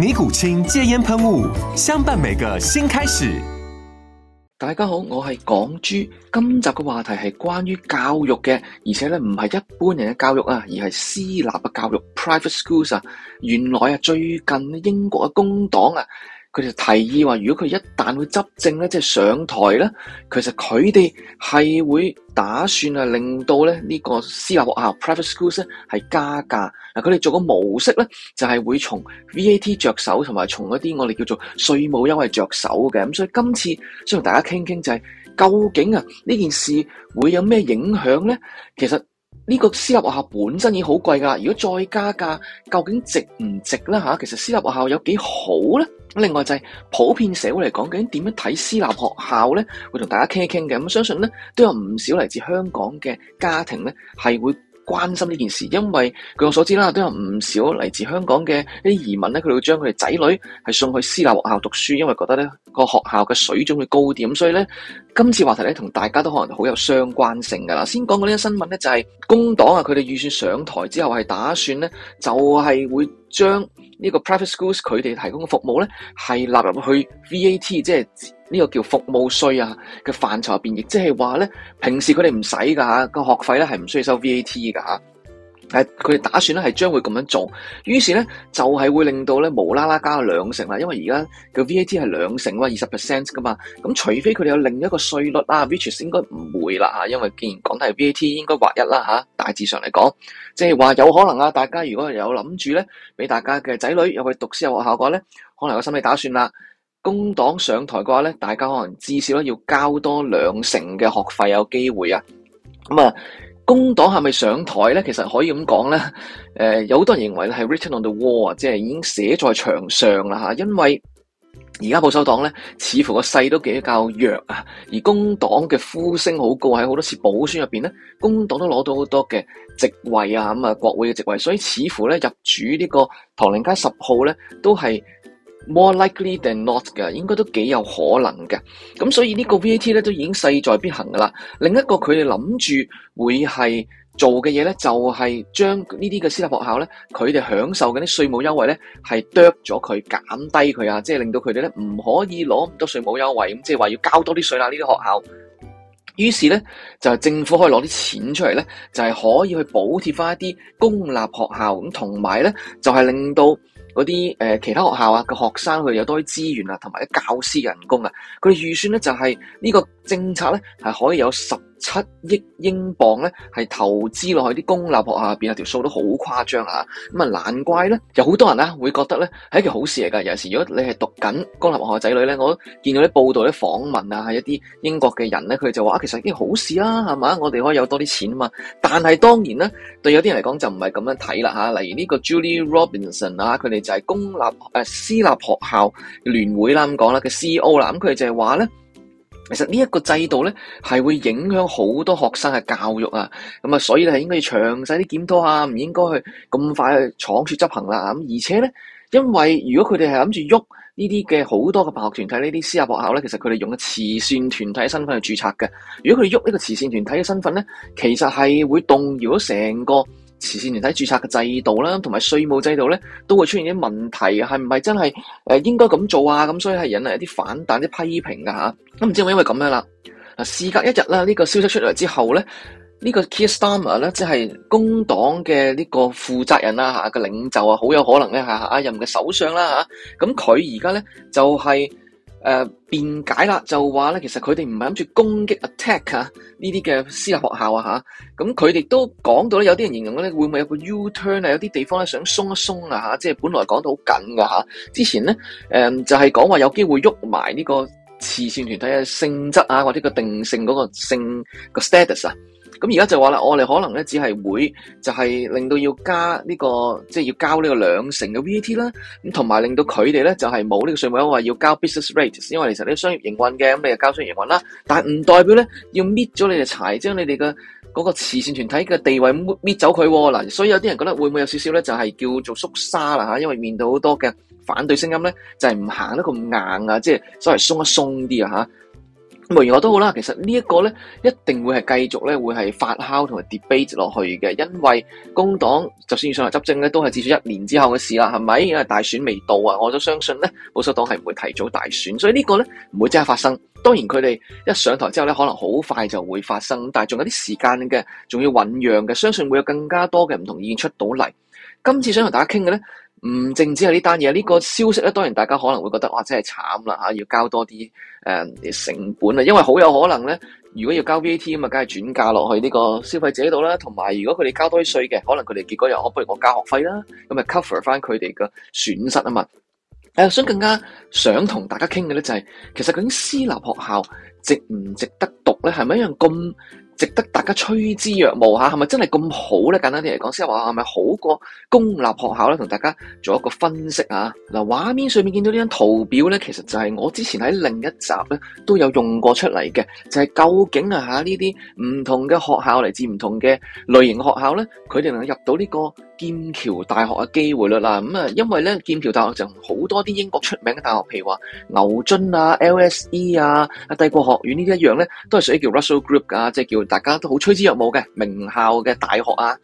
尼古清戒煙噴霧，相伴每個新開始。大家好，我係港豬。今集嘅話題係關於教育嘅，而且咧唔係一般人嘅教育啊，而係私立嘅教育 （private schools） 啊。原來啊，最近英國嘅工黨啊。佢哋提議話，如果佢一旦去執政咧，即係上台咧，其實佢哋係會打算啊，令到咧呢個私立學校 private schools 咧係加價。嗱，佢哋做個模式咧就係會從 VAT 着手，同埋從一啲我哋叫做稅務優惠着手嘅。咁所以今次想同大家傾傾就係究竟啊呢件事會有咩影響咧？其實呢個私立學校本身已經好貴噶啦，如果再加價，究竟值唔值啦吓？其實私立學校有幾好咧？另外就係普遍社會嚟講，究竟點樣睇私立學校咧？會同大家傾一傾嘅。咁相信咧都有唔少嚟自香港嘅家庭咧係會，關心呢件事，因為據我所知啦，都有唔少嚟自香港嘅一啲移民咧，佢哋會將佢哋仔女係送去私立學校讀書，因為覺得咧個學校嘅水準會高啲。咁所以咧，今次話題咧同大家都可能好有相關性噶啦。先講過呢啲新聞咧，就係工黨啊，佢哋預算上台之後係打算咧就係會將呢個 private schools 佢哋提供嘅服務咧係納入去 VAT，即係。呢、這個叫服務稅啊嘅範疇入邊，亦即係話咧，平時佢哋唔使㗎嚇，個學費咧係唔需要收 VAT 㗎嚇。誒，佢哋打算咧係將會咁樣做，於是咧就係、是、會令到咧無啦啦加兩成啦，因為而家個 VAT 係兩成啦，二十 percent 㗎嘛。咁除非佢哋有另一個稅率啊，which 應該唔會啦嚇，因為既然講得係 VAT，應該劃一啦嚇。大致上嚟講，即係話有可能啊，大家如果有諗住咧，俾大家嘅仔女入去讀私校學校嘅咧，可能有心理打算啦。工黨上台嘅話咧，大家可能至少咧要交多兩成嘅學費有機會啊。咁啊，工黨係咪上台咧？其實可以咁講咧，誒、呃，有好多人認為係 written on the wall 即係已經寫在牆上啦吓。因為而家保守黨咧，似乎個勢都比較弱啊，而工黨嘅呼聲好高，喺好多次補選入邊咧，工黨都攞到好多嘅席位啊。咁啊，國會嘅席位，所以似乎咧入主呢個唐寧街十號咧，都係。More likely than not 嘅，應該都幾有可能嘅。咁所以呢個 VAT 咧都已經勢在必行噶啦。另一個佢哋諗住會係做嘅嘢咧，就係將呢啲嘅私立學校咧，佢哋享受緊啲稅務優惠咧，係剁咗佢減低佢啊，即係令到佢哋咧唔可以攞咁多稅務優惠，咁即係話要交多啲稅啦。呢啲學校，於是咧就係政府可以攞啲錢出嚟咧，就係可以去補貼翻一啲公立學校，咁同埋咧就係令到。嗰啲誒，其他學校啊，嘅學生佢有多啲資源啊，同埋啲教師人工啊，佢預算咧就係呢個政策咧係可以有十七億英鎊咧，係投資落去啲公立學校入邊，條數都好誇張啊！咁啊，難怪咧，有好多人咧會覺得咧係一件好事嚟噶。尤其是如果你係讀緊公立學校仔女咧，我都見到啲報道、啲訪問啊，一啲英國嘅人咧，佢就話啊，其實係一件好事啦，啊，係嘛，我哋可以有多啲錢啊嘛。但係當然咧，對有啲人嚟講就唔係咁樣睇啦吓。例如呢個 Julie Robinson 啊，佢哋就係公立誒、啊、私立學校聯會啦咁講啦嘅 C E O 啦，咁佢哋就係話咧。其實呢一個制度咧，係會影響好多學生嘅教育啊！咁啊，所以咧係應該要詳細啲檢討下，唔應該去咁快去倉促執行啦。咁而且咧，因為如果佢哋係諗住喐呢啲嘅好多嘅辦學團體、下呢啲私校學校咧，其實佢哋用嘅慈善團體嘅身份去註冊嘅。如果佢喐呢個慈善團體嘅身份咧，其實係會動搖咗成個慈善團體註冊嘅制度啦，同埋稅務制度咧，都會出現啲問題，係唔係真係誒應該咁做啊？咁所以係引嚟一啲反彈、啲批評噶吓。咁唔知係咪因為咁樣啦？啊，事隔一日啦，呢、這個消息出嚟之後咧，呢、這個 Keir Starmer 咧，即係工黨嘅呢個負責人啊、吓，個領袖啊，好有可能咧係下一任嘅首相啦吓。咁佢而家咧就係、是。誒、呃、辯解啦，就話咧，其實佢哋唔係諗住攻擊 attack 啊呢啲嘅私立學校啊嚇，咁佢哋都講到咧，有啲人形容咧會唔會有個 U turn 啊，有啲地方咧想鬆一鬆啊，啊即係本來講到好緊㗎。之前咧誒、呃、就係講話有機會喐埋呢個慈善團體嘅性質啊，或者個定性嗰個性、個 status 啊。咁而家就話啦，我哋可能咧只係會就係令到要加呢、呢個即係、就係、要交呢個兩成嘅 VAT 啦，咁同埋令到佢哋咧就係冇呢個稅務優惠要交 business rates，因為其實你商業營運嘅咁你就交商業營運啦，但係唔代表咧要搣咗你哋柴，將你哋嘅嗰個慈善團體嘅地位搣搣走佢嗱，所以有啲人覺得會唔會有少少咧就係、係、叫做縮沙啦，因為面對好多嘅反對聲音咧，就係唔行得咁硬啊，即係所謂鬆一鬆啲啊。無疑我都好啦，其實呢一個呢，一定會係繼續呢，會係發酵同埋 debate 落去嘅，因為工黨就算上嚟執政呢，都係至少一年之後嘅事啦，係咪？因為大選未到啊，我都相信呢，保守黨係唔會提早大選，所以呢個呢，唔會真係發生。當然佢哋一上台之後呢，可能好快就會發生，但係仲有啲時間嘅，仲要醖釀嘅，相信會有更加多嘅唔同意見出到嚟。今次想同大家傾嘅呢。唔淨止係呢單嘢，呢個消息咧，當然大家可能會覺得哇，真係慘啦吓，要交多啲誒成本啊，因為好有可能咧，如果要交 VAT 咁啊，梗係轉嫁落去呢個消費者度啦。同埋，如果佢哋交多啲稅嘅，可能佢哋結果又可不如我交學費啦，咁咪 cover 翻佢哋嘅損失啊嘛。誒、呃，想更加想同大家傾嘅咧，就係其實究竟私立學校值唔值得讀咧，係咪一樣咁？值得大家趨之若鶩吓，係咪真係咁好咧？簡單啲嚟講，先話係咪好過公立學校咧？同大家做一個分析啊。嗱，畫面上面見到呢張圖表咧，其實就係我之前喺另一集咧都有用過出嚟嘅，就係究竟啊吓呢啲唔同嘅學校嚟自唔同嘅類型學校咧，佢哋能夠入到呢個劍橋大學嘅機會率啦，咁啊，因為咧劍橋大學就好多啲英國出名嘅大學，譬如話牛津啊、LSE 啊、啊帝國學院呢啲一樣咧，都係屬於叫 Russell Group 噶，即係叫大家都好趨之若鶩嘅名校嘅大學啊，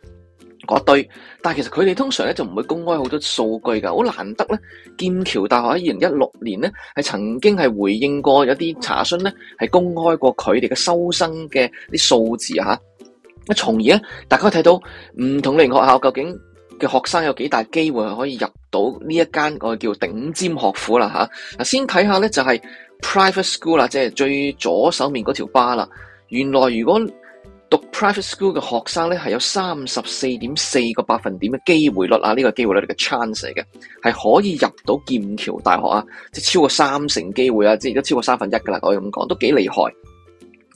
嗰一堆。但係其實佢哋通常咧就唔會公開好多數據噶，好難得咧劍橋大學喺二零一六年咧係曾經係回應過有啲查詢咧係公開過佢哋嘅收生嘅啲數字吓。從從而咧，大家可以睇到唔同類型學校究竟嘅學生有幾大機會係可以入到呢一間我叫頂尖學府啦吓。嗱，先睇下咧就係、是、private school 啦，即係最左手面嗰條巴啦。原來如果讀 private school 嘅學生咧係有三十四點四個百分點嘅機會率啊，呢、這個機會率嚟嘅 chance 嚟嘅，係可以入到劍橋大學啊，即係超過三成機會啊，即係都超過三分一噶啦，可以咁講，都幾厲害。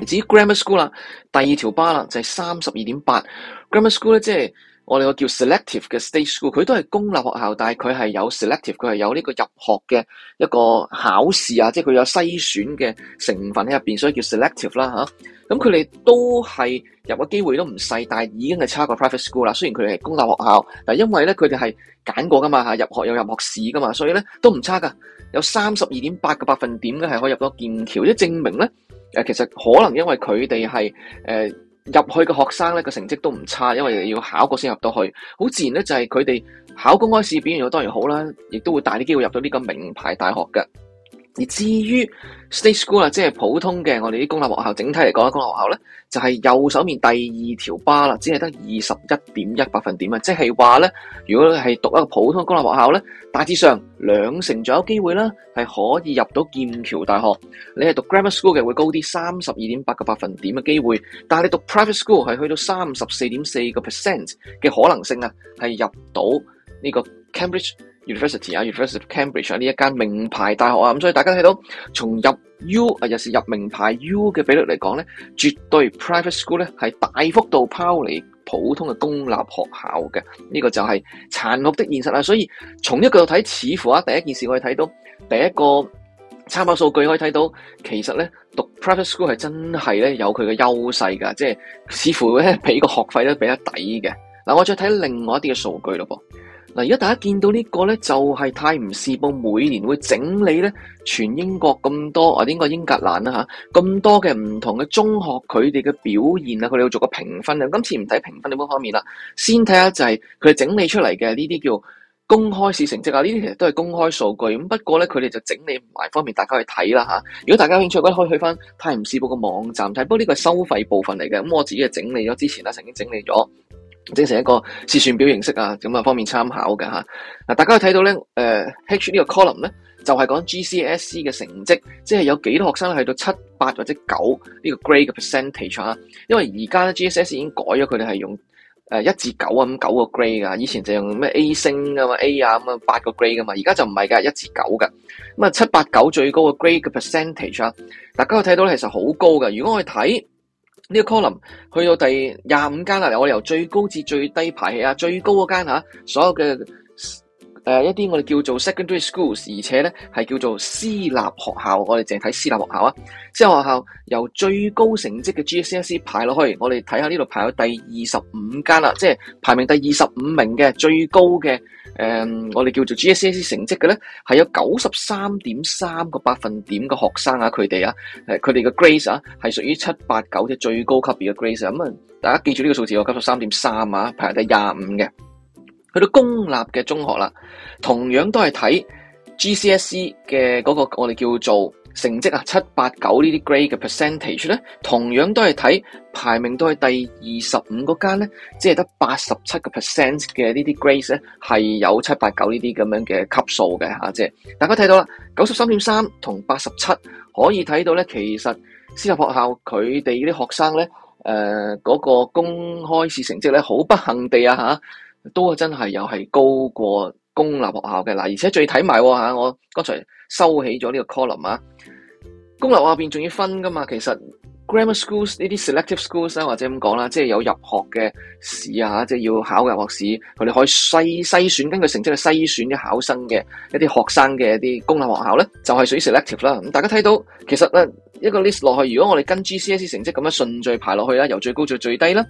至於 grammar school 啦，第二條巴啦就係、是、三十二點八 grammar school 咧，即係我哋個叫 selective 嘅 state school，佢都係公立學校，但係佢係有 selective，佢係有呢個入學嘅一個考試啊，即係佢有篩選嘅成分喺入面，所以叫 selective 啦、啊、吓，咁佢哋都係入嘅機會都唔細，但係已經係差過 private school 啦。雖然佢哋係公立學校，但係因為咧佢哋係揀過噶嘛吓，入學有入學試噶嘛，所以咧都唔差噶，有三十二點八個百分點咧係可以入到劍橋，即證明咧。誒，其實可能因為佢哋係誒入去嘅學生咧，個成績都唔差，因為要考過先入到去，好自然咧就係佢哋考公開試表現咗當然好啦，亦都會大啲機會入到呢個名牌大學嘅。而至於 state school 啊，即係普通嘅我哋啲公立學校，整體嚟講，公立學校咧就係右手面第二條巴啦，只係得二十一點一百分點啊，即係話咧，如果你係讀一個普通嘅公立學校咧，大致上兩成左右有機會啦，係可以入到劍橋大學。你係讀 grammar school 嘅會高啲，三十二點八個百分點嘅機會，但係你讀 private school 係去到三十四點四個 percent 嘅可能性啊，係入到呢個 Cambridge。University 啊，University of Cambridge 啊，呢一間名牌大學啊，咁所以大家睇到從入 U 啊，尤其是入名牌 U 嘅比率嚟講咧，絕對 private school 咧係大幅度拋離普通嘅公立學校嘅，呢個就係殘酷的現實啊！所以從一個睇，似乎啊第一件事我哋睇到，第一個參考數據可以睇到，其實咧讀 private school 係真係咧有佢嘅優勢㗎，即係似乎咧俾個學費都比得抵嘅。嗱，我再睇另外一啲嘅數據咯噃。嗱，而家大家見到呢、這個咧，就係、是、泰晤士報每年會整理咧全英國咁多啊，點講英格蘭啦嚇，咁多嘅唔同嘅中學佢哋嘅表現啊，佢哋要做個評分啊。今次唔睇評分啲邊方面啦，先睇下就係佢哋整理出嚟嘅呢啲叫公開試成績啊，呢啲其實都係公開數據咁。不過咧，佢哋就整理埋方便，大家去睇啦嚇。如果大家有興趣，可以去翻泰晤士報嘅網站睇。不過呢個係收費部分嚟嘅，咁我自己係整理咗之前啦，曾經整理咗。整成一個試算表形式啊，咁啊方便參考嘅嚇。嗱，大家可以睇到咧，誒、呃、H 呢個 column 咧就係、是、講 GCSE 嘅成績，即、就、係、是、有幾多學生去到七八或者九呢個 grade 嘅 percentage 啊。因為而家咧 GCSE 已經改咗佢哋係用誒一至九啊咁九個 grade 噶，以前就用咩 A 星啊嘛 A 啊咁啊八個 grade 噶嘛，而家就唔係㗎，一至九嘅咁啊七八九最高嘅 grade 嘅 percentage 啊，大家可以睇到呢其實好高嘅。如果我哋睇。呢個 column 去到第廿五間啦，我哋由最高至最低排起啊，最高嗰間吓，所有嘅。誒，一啲我哋叫做 Secondary Schools，而且咧係叫做私立學校，我哋淨係睇私立學校啊！私立學校由最高成績嘅 GCSE 排落去，我哋睇下呢度排喺第二十五間啦，即係排名第二十五名嘅最高嘅誒、嗯，我哋叫做 GCSE 成績嘅咧，係有九十三點三個百分點嘅學生啊，佢哋啊，誒，佢哋嘅 grade 啊，係屬於七八九嘅最高級別嘅 grade 咁啊！大家記住呢個數字有九十三點三啊，排喺第廿五嘅。去到公立嘅中學啦，同樣都係睇 GCSE 嘅嗰，那個我哋叫做成績啊，七八九呢啲 grade 嘅 percentage 咧，同樣都係睇排名都係第二十五嗰間咧，即係得八十七個 percent 嘅呢啲 grade 咧，係有七八九呢啲咁樣嘅級數嘅吓，即，啊，係大家睇到啦，九十三點三同八十七可以睇到咧，其實私立學校佢哋啲學生咧，誒，呃，嗰，那個公開試成績咧，好不幸地啊吓。啊都真係又係高過公立學校嘅嗱，而且最睇埋吓，我剛才收起咗呢個 column 啊，公立學校入面仲要分噶嘛？其實 grammar schools 呢啲 selective schools 咧，或者咁講啦，即係有入學嘅試啊，即係要考入學試，佢哋可以篩篩選，根據成績去篩選啲考生嘅一啲學生嘅一啲公立學校咧，就係屬於 selective 啦。咁大家睇到，其實咧一個 list 落去，如果我哋跟 G C S E 成績咁樣順序排落去啦，由最高至最低啦，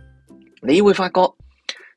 你會發覺。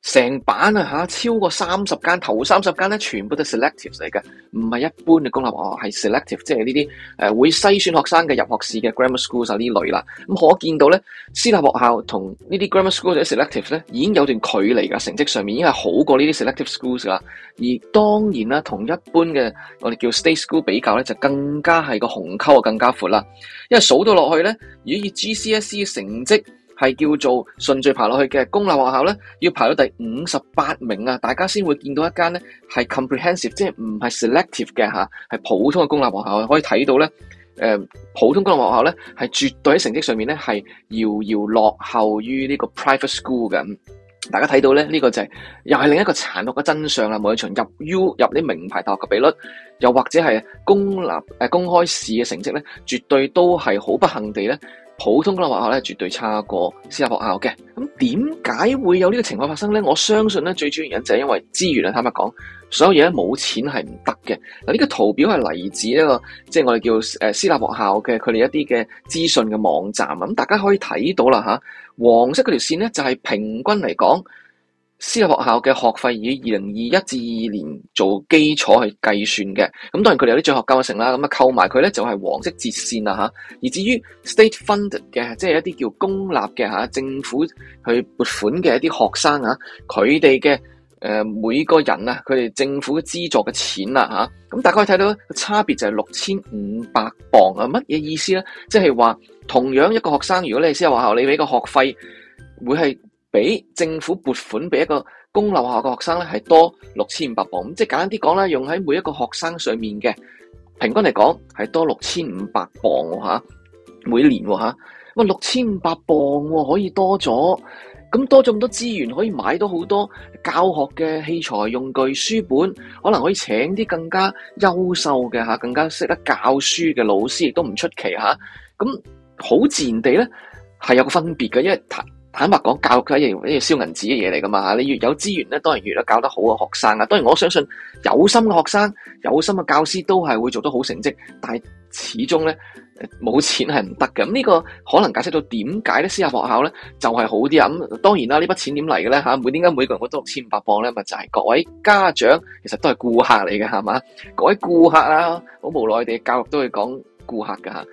成版啊吓，超過三十間，頭三十間咧全部都係 selective 嚟嘅，唔係一般嘅公立學校，係 selective，即係呢啲誒會篩選學生嘅入學試嘅 grammar schools 啊。呢類啦。咁可見到咧，私立學校同呢啲 grammar schools 或者 selective 咧已經有段距離㗎，成績上面已經係好過呢啲 selective schools 啦。而當然啦，同一般嘅我哋叫 state school 比較咧，就更加係個鴻溝啊，更加闊啦。因為數到落去咧，如果以 GCSE 成績。係叫做順序爬落去嘅公立學校咧，要排到第五十八名啊！大家先會見到一間咧係 comprehensive，即係唔係 selective 嘅吓，係普通嘅公立學校。可以睇到咧，誒普通公立學校咧係絕對喺成績上面咧係遙遙落後於呢個 private school 嘅。大家睇到咧，呢、這個就係、是、又係另一個殘酷嘅真相啦！無論從入 U 入啲名牌大學嘅比率，又或者係公立誒公開試嘅成績咧，絕對都係好不幸地咧。普通公立學校咧，絕對差過私立學校嘅。咁點解會有呢個情況發生咧？我相信咧，最主要原因就係因為資源啊，坦白講，所有嘢咧冇錢係唔得嘅。嗱，呢個圖表係嚟自一個即係、就是、我哋叫誒私立學校嘅佢哋一啲嘅資訊嘅網站啊。咁大家可以睇到啦吓，黃色嗰條綫咧就係平均嚟講。私立學校嘅學費，以二零二一至二年做基礎去計算嘅，咁當然佢哋有啲助學教育城啦，咁啊扣埋佢咧就係黃色折線啦吓。而至於 state funded 嘅，即係一啲叫公立嘅吓，政府去撥款嘅一啲學生啊，佢哋嘅誒每個人啊，佢哋政府資助嘅錢啦吓，咁大家可以睇到差別就係六千五百磅啊，乜嘢意思咧？即係話同樣一個學生，如果你係私立學校，你俾個學費會係。比政府撥款俾一個公立學校嘅學生咧，係多六千五百磅，即係簡單啲講啦，用喺每一個學生上面嘅平均嚟講，係多六千五百磅吓，每年吓，哇六千五百磅可以多咗，咁多咗咁多資源可以買到好多教學嘅器材用具、書本，可能可以請啲更加優秀嘅吓，更加識得教書嘅老師，亦都唔出奇吓，咁好自然地咧係有個分別嘅，因為。坦白講，教育嘅嘢，呢啲燒銀紙嘅嘢嚟噶嘛吓，你越有資源咧，當然越嚟越教得好嘅學生啊。當然我相信有心嘅學生，有心嘅教師都係會做得好成績，但係始終咧，冇錢係唔得嘅。咁呢個可能解釋到點解咧私立學校咧就係好啲啊。咁當然啦，呢筆錢點嚟嘅咧吓，每點解每個人我都六千五百磅咧，咪就係各位家長，其實都係顧客嚟嘅係嘛，各位顧客啊，好無奈地教育都係講顧客噶吓，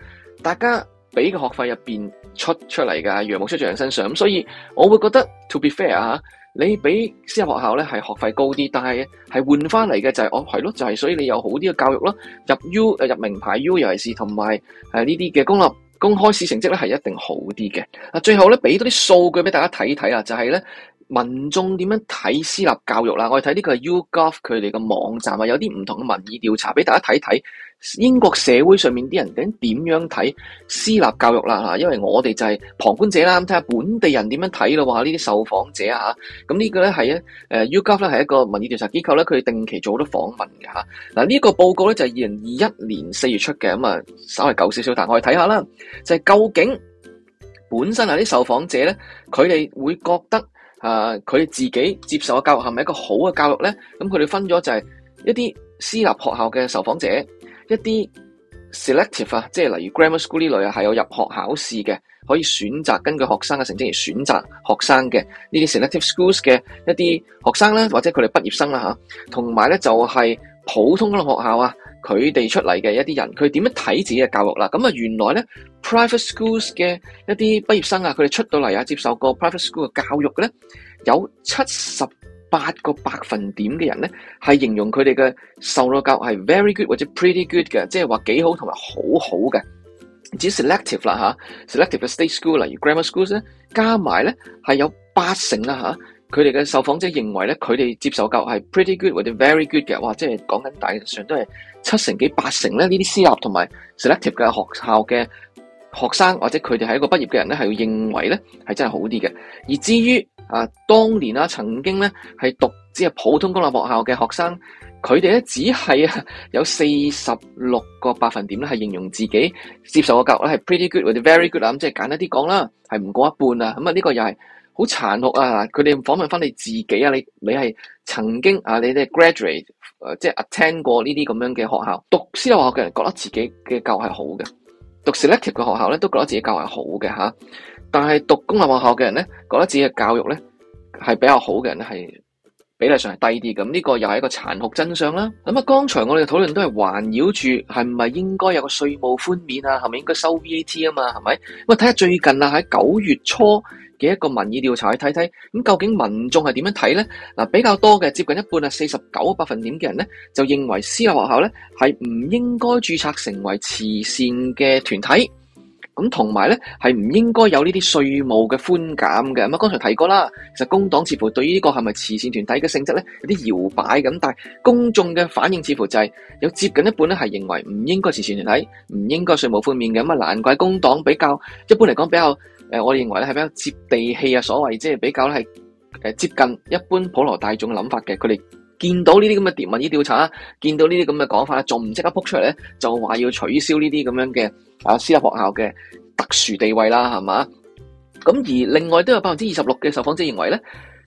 大家俾嘅學費入邊。出出嚟噶，羊毛出在人身上，咁所以我會覺得，to be fair 你比私立學校咧係學費高啲，但係係換翻嚟嘅就係、是、哦係咯，就係、是、所以你有好啲嘅教育啦，入 U 誒入名牌 U 尤其是，同埋誒呢啲嘅公立公開試成績咧係一定好啲嘅。啊，最後咧俾多啲數據俾大家睇睇啊，就係、是、咧。民眾點樣睇私立教育啦？我哋睇呢個係 YouGov 佢哋嘅網站啊，有啲唔同嘅民意調查俾大家睇睇。英國社會上面啲人究竟點樣睇私立教育啦？嚇，因為我哋就係旁觀者啦。咁睇下本地人點樣睇喇，呢啲受訪者啊，咁呢個咧係咧，誒 YouGov 咧係一個民意調查機構咧，佢定期做好多訪問嘅嚇。嗱，呢個報告咧就係二零二一年四月出嘅，咁啊稍為舊少少，但我哋睇下啦，就係、係、究竟本身啊啲受訪者咧，佢哋會覺得。啊！佢自己接受嘅教育係咪一個好嘅教育咧？咁佢哋分咗就係一啲私立學校嘅受訪者，一啲 selective 啊，即係例如 grammar school 呢類啊，係有入學考試嘅，可以選擇根據學生嘅成績而選擇學生嘅呢啲 selective schools 嘅一啲學生呢，或者佢哋畢業生啦吓，同埋咧就係普通嘅學校啊。佢哋出嚟嘅一啲人，佢點樣睇自己嘅教育啦？咁啊，原來咧 private schools 嘅一啲畢業生啊，佢哋出到嚟啊，接受過 private school 嘅教育咧，有七十八個百分點嘅人咧，係形容佢哋嘅受咗教育係 very good 或者 pretty good 嘅，即係話幾好同埋好好嘅。至於 selective 啦吓 s e l e c t i v e 嘅 state school 例如 grammar schools 咧，加埋咧係有八成啦吓。啊佢哋嘅受訪者認為咧，佢哋接受教係 pretty good, good 或者 very good 嘅，或即係講緊大約上都係七成幾八成咧，呢啲私立同埋 selective 嘅學校嘅學生或者佢哋喺一個畢業嘅人咧，係要認為咧係真係好啲嘅。而至於啊，當年啊曾經咧係讀即係普通公立學校嘅學生，佢哋咧只係有四十六個百分點咧係形容自己接受嘅教咧係 pretty good 或者 very good 啊，咁、嗯、即係簡單啲講啦，係唔過一半啊，咁啊呢個又係。好殘酷啊！佢哋訪問翻你自己啊，你你係曾經啊，你哋 graduate，即係 attend 過呢啲咁樣嘅學校，讀私立學校嘅人覺得自己嘅教係好嘅，讀 selective 嘅學校咧都覺得自己嘅教係好嘅嚇，但係讀公立學校嘅人咧覺得自己嘅教育咧係比較好嘅人咧係比例上係低啲咁，呢個又係一個殘酷真相啦。咁啊，剛才我哋討論都係環繞住係咪應該有個稅務寬免啊，係咪應該收 VAT 啊嘛？係咪？咁啊，睇下最近啊喺九月初。嘅一個民意調查去睇睇，咁究竟民眾係點樣睇呢？嗱，比較多嘅接近一半啊，四十九個百分點嘅人呢，就認為私立學校呢係唔應該註冊成為慈善嘅團體，咁同埋呢係唔應該有呢啲稅務嘅寬減嘅。咁啊，剛才提過啦，其實工黨似乎對於呢個係咪慈善團體嘅性質呢有啲搖擺咁，但係公眾嘅反應似乎就係有接近一半呢係認為唔應該慈善團體，唔應該稅務寬免嘅。咁啊，難怪工黨比較一般嚟講比較。誒，我哋認為咧係比較接地氣啊，所謂即係比較係接近一般普羅大眾諗法嘅，佢哋見到呢啲咁嘅民意調查，見到呢啲咁嘅講法，仲唔即刻撲出嚟咧？就話要取消呢啲咁樣嘅啊私立學校嘅特殊地位啦，係嘛？咁而另外都有百分之二十六嘅受訪者認為咧，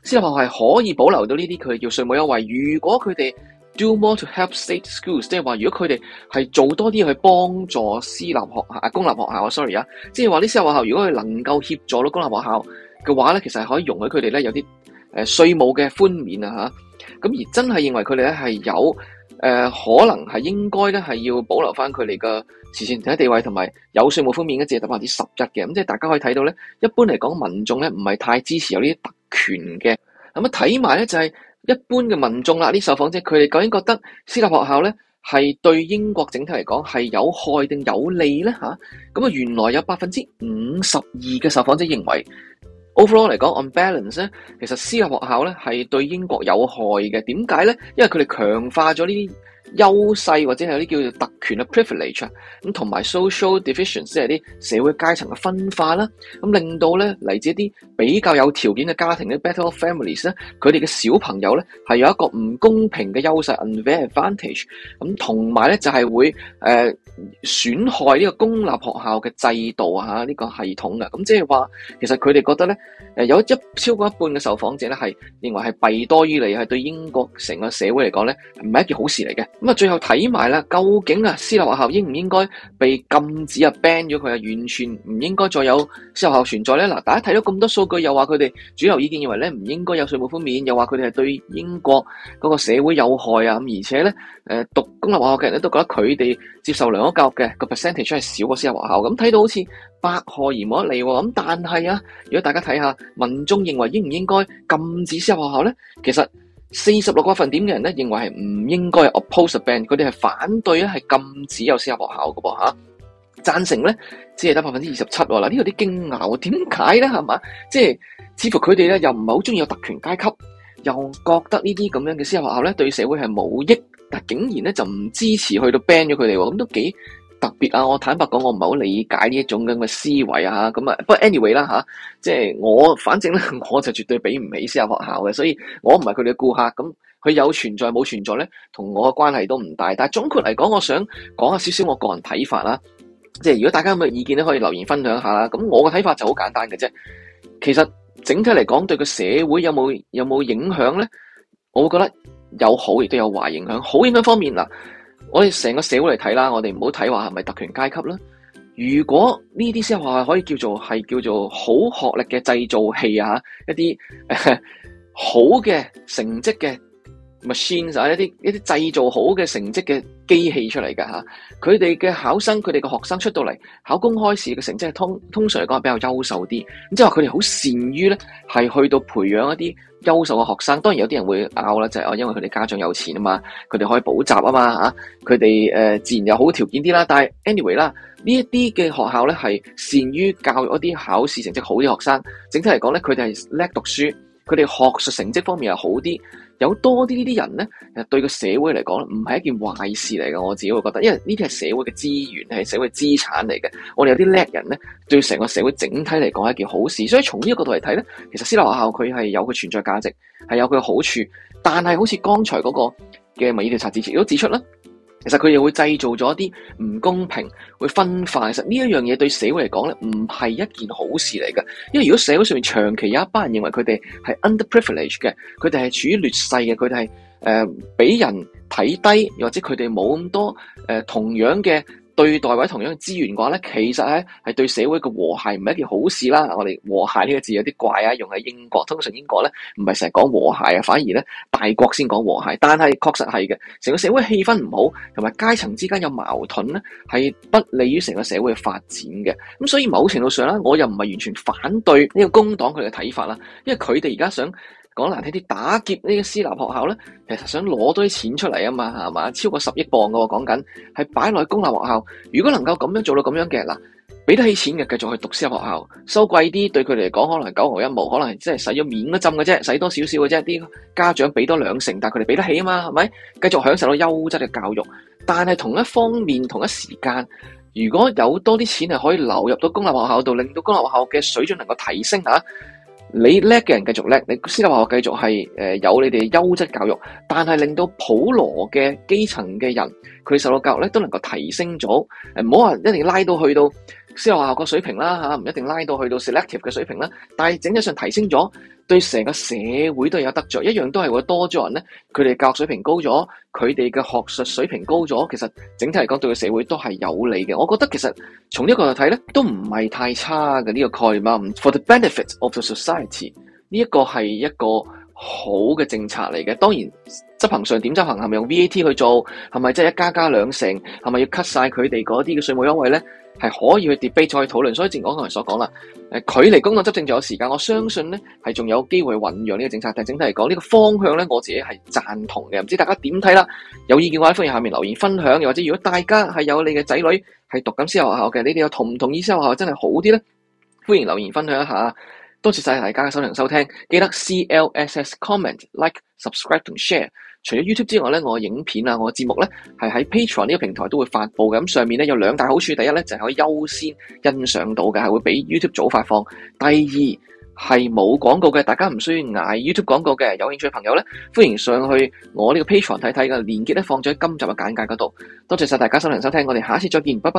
私立學校係可以保留到呢啲佢叫稅務優惠，如果佢哋。Do more to help state schools，即係話如果佢哋係做多啲去幫助私立學啊公立學校啊，sorry 啊，即係話呢私立學校如果佢能夠協助到公立學校嘅話咧，其實係可以容許佢哋咧有啲誒稅務嘅寬免啊吓，咁而真係認為佢哋咧係有誒、呃、可能係應該咧係要保留翻佢哋嘅慈善團體地位同埋有稅務寬免嘅只係得百分之十一嘅，咁即係大家可以睇到咧，一般嚟講民眾咧唔係太支持有呢啲特權嘅，咁啊睇埋咧就係、是。一般嘅民眾啦，呢啲受訪者佢哋究竟覺得私立學校咧係對英國整體嚟講係有害定有利咧吓？咁啊，原來有百分之五十二嘅受訪者認為 overall 嚟講，on balance 咧，其實私立學校咧係對英國有害嘅。點解咧？因為佢哋強化咗呢啲優勢或者係有啲叫做特權嘅 privilege 啊，咁同埋 social divisions 即係啲社會階層嘅分化啦，咁令到咧嚟自一啲比較有條件嘅家庭啲 better families 咧，佢哋嘅小朋友咧係有一個唔公平嘅優勢 unfair advantage，咁同埋咧就係會誒損、呃、害呢個公立學校嘅制度啊，呢、這個系統啊，咁即係話其實佢哋覺得咧有一超過一半嘅受訪者咧係認為係弊多於利，係對英國成個社會嚟講咧唔係一件好事嚟嘅。咁啊，最後睇埋啦，究竟啊，私立學校應唔應該被禁止啊？ban 咗佢啊，完全唔應該再有私立學校存在咧。嗱，大家睇咗咁多數據，又話佢哋主流意見認為咧，唔應該有稅務封面，又話佢哋係對英國嗰個社會有害啊。咁而且咧，誒讀公立學校嘅人都覺得佢哋接受良好教育嘅個 percentage 係少過私立學校。咁睇到好似百害而冇一利喎。咁但係啊，如果大家睇下民眾認為應唔應該禁止私立學校咧，其實四十六個分點嘅人咧，認為係唔應該 oppose ban，佢哋係反對咧，係禁止有私校學校嘅噃嚇，贊成咧只係得百分之二十七喎。嗱，呢度啲驚訝喎，點解咧係嘛？即係似乎佢哋咧又唔係好中意有特權階級，又覺得呢啲咁樣嘅私校學校咧對社會係冇益，但竟然咧就唔支持去到 ban 咗佢哋喎，咁都幾～特別啊！我坦白講，我唔係好理解呢一種咁嘅思維啊！嚇咁啊，不過 anyway 啦嚇，即係我反正咧，我就絕對畀唔起私立學校嘅，所以我唔係佢哋嘅顧客。咁佢有存在冇存在咧，同我嘅關係都唔大。但係總括嚟講，我想講下少少我個人睇法啦。即係如果大家有咩意見咧，可以留言分享下啦。咁我嘅睇法就好簡單嘅啫。其實整體嚟講，對個社會有冇有冇影響咧？我會覺得有好亦都有壞影響。好影響方面嗱。我哋成個社會嚟睇啦，我哋唔好睇話係咪特權階級啦。如果呢啲先係話可以叫做係叫做好學歷嘅製造器啊，一啲 好嘅成績嘅 machine 啊，一啲一啲製造好嘅成績嘅機器出嚟㗎吓，佢哋嘅考生佢哋嘅學生出到嚟考公開試嘅成績係通通常嚟講係比較優秀啲。咁即係話佢哋好善於咧係去到培養一啲優秀嘅學生。當然有啲人會拗啦，就係哦，因為佢哋家長有錢啊嘛，佢哋可以補習嘛啊嘛吓，佢哋誒自然有好嘅條件啲啦。但係 anyway 啦，呢一啲嘅學校咧係善於教育一啲考試成績好啲學生。整體嚟講咧，佢哋係叻讀書，佢哋學術成績方面又好啲。有多啲呢啲人咧，對對個社會嚟講咧，唔係一件壞事嚟嘅。我自己會覺得，因為呢啲係社會嘅資源，係社會資產嚟嘅。我哋有啲叻人咧，對成個社會整體嚟講係一件好事。所以從呢個角度嚟睇咧，其實私立學校佢係有佢存在價值，係有佢嘅好處。但係好似剛才嗰、那個嘅民意調查之前都指出啦。其實佢又會製造咗一啲唔公平，會分化。其實呢一樣嘢對社會嚟講咧，唔係一件好事嚟嘅。因為如果社會上面長期有一班人認為佢哋係 underprivileged 嘅，佢哋係處於劣勢嘅，佢哋係誒俾人睇低，或者佢哋冇咁多、呃、同樣嘅對待位同樣嘅資源嘅話咧，其實咧係對社會嘅和諧唔係一件好事啦。我哋和諧呢個字有啲怪啊，用喺英國，通常英國咧唔係成日講和諧啊，反而咧大國先講和諧。但係確實係嘅，成個社會氣氛唔好，同埋階層之間有矛盾咧，係不利於成個社會嘅發展嘅。咁所以某程度上咧，我又唔係完全反對呢個工黨佢哋嘅睇法啦，因為佢哋而家想。講難聽啲，打劫呢啲私立學校呢，其實想攞多啲錢出嚟啊嘛，係嘛？超過十億鎊嘅，講緊係擺落去公立學校。如果能夠咁樣做到咁樣嘅，嗱，俾得起錢嘅繼續去讀私立學校，收貴啲對佢嚟講可能九牛一毛，可能即係真係使咗面都浸嘅啫，使多少少嘅啫，啲家長俾多兩成，但佢哋俾得起啊嘛，係咪？繼續享受到優質嘅教育，但係同一方面，同一時間，如果有多啲錢係可以流入到公立學校度，令到公立學校嘅水準能夠提升你叻嘅人繼續叻，你私立學校繼續係誒有你哋優質教育，但係令到普羅嘅基層嘅人。佢受到教育咧，都能夠提升咗，唔好話一定拉到去到私學校嘅水平啦吓，唔一定拉到去到 selective 嘅水平啦，但係整體上提升咗，對成個社會都有得着。一樣都係會多咗人咧，佢哋教育水平高咗，佢哋嘅學術水平高咗，其實整體嚟講對個社會都係有利嘅。我覺得其實從呢個嚟睇咧，都唔係太差嘅呢個概念。咁 For the benefit of the society，呢一個係一個。好嘅政策嚟嘅，當然執行上點執行，係咪用 VAT 去做，係咪即係一加加兩成，係咪要 cut 晒佢哋嗰啲嘅稅務優惠咧？係可以去 debate 再討論。所以正如我剛才所講啦，誒，距離工黨執政仲有時間，我相信咧係仲有機會去醞釀呢個政策。但係整體嚟講，呢個方向咧，我自己係贊同嘅。唔知大家點睇啦？有意見嘅話，歡迎下面留言分享。又或者如果大家係有你嘅仔女係讀緊私校嘅，你哋又同唔同意私校真係好啲咧？歡迎留言分享一下。多謝晒大家嘅收聽收聽，記得 CLSS comment like subscribe 同 share。除咗 YouTube 之外咧，我嘅影片啊，我嘅節目咧係喺 Patreon 呢個平台都會發布嘅。咁上面咧有兩大好處，第一咧就係可以優先欣賞到嘅，係會比 YouTube 早發放；第二係冇廣告嘅，大家唔需要挨 YouTube 廣告嘅。有興趣嘅朋友咧，歡迎上去我呢個 Patreon 睇睇嘅，鏈接咧放咗喺今集嘅簡介嗰度。多謝晒大家收聽收聽，我哋下一次再見，拜拜。